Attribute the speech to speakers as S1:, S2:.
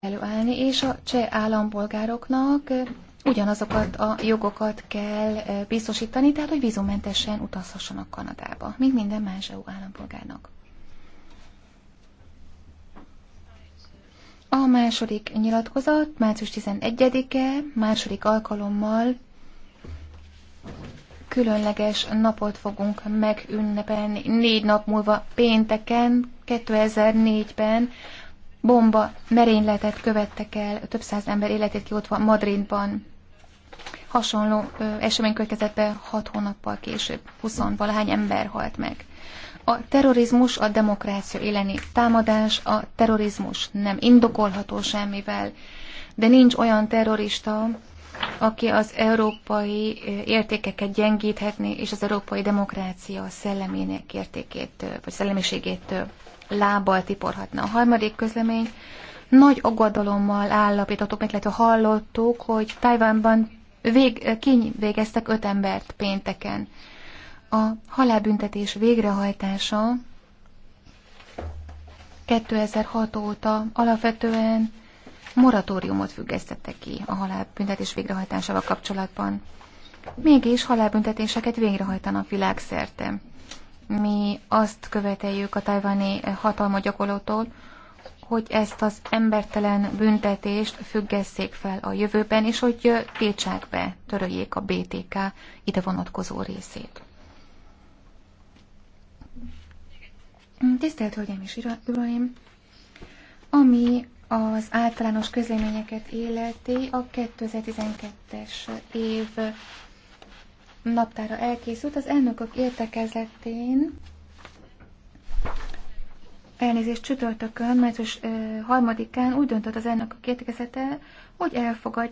S1: előállni, és a cseh állampolgároknak ugyanazokat a jogokat kell biztosítani, tehát hogy vízumentesen utazhassanak Kanadába, mint minden más EU állampolgárnak. A második nyilatkozat március 11-e, második alkalommal különleges napot fogunk megünnepelni négy nap múlva pénteken, 2004-ben bomba merényletet követtek el, több száz ember életét kiotva Madridban. Hasonló ö, esemény következett be hat hónappal később, 20 valahány ember halt meg. A terrorizmus a demokrácia éleni támadás, a terrorizmus nem indokolható semmivel, de nincs olyan terrorista, aki az európai értékeket gyengíthetné, és az európai demokrácia szellemének értékét, vagy szellemiségét lábbal tiporhatna. A harmadik közlemény nagy aggodalommal állapítottuk, meg illetve hallottuk, hogy Tajvánban vég, kinyvégeztek öt embert pénteken. A halálbüntetés végrehajtása 2006 óta alapvetően moratóriumot függesztette ki a halálbüntetés végrehajtásával kapcsolatban. Mégis halálbüntetéseket végrehajtanak világszerte. Mi azt követeljük a tajvani hatalma gyakorlótól, hogy ezt az embertelen büntetést függesszék fel a jövőben, és hogy tétsák be, töröljék a BTK ide vonatkozó részét. Tisztelt Hölgyeim és Uraim! Ami az általános közleményeket életi a 2012-es év naptára elkészült. Az elnökök értekezletén elnézést csütörtökön, március harmadikán úgy döntött az elnökök értekezete, hogy elfogadja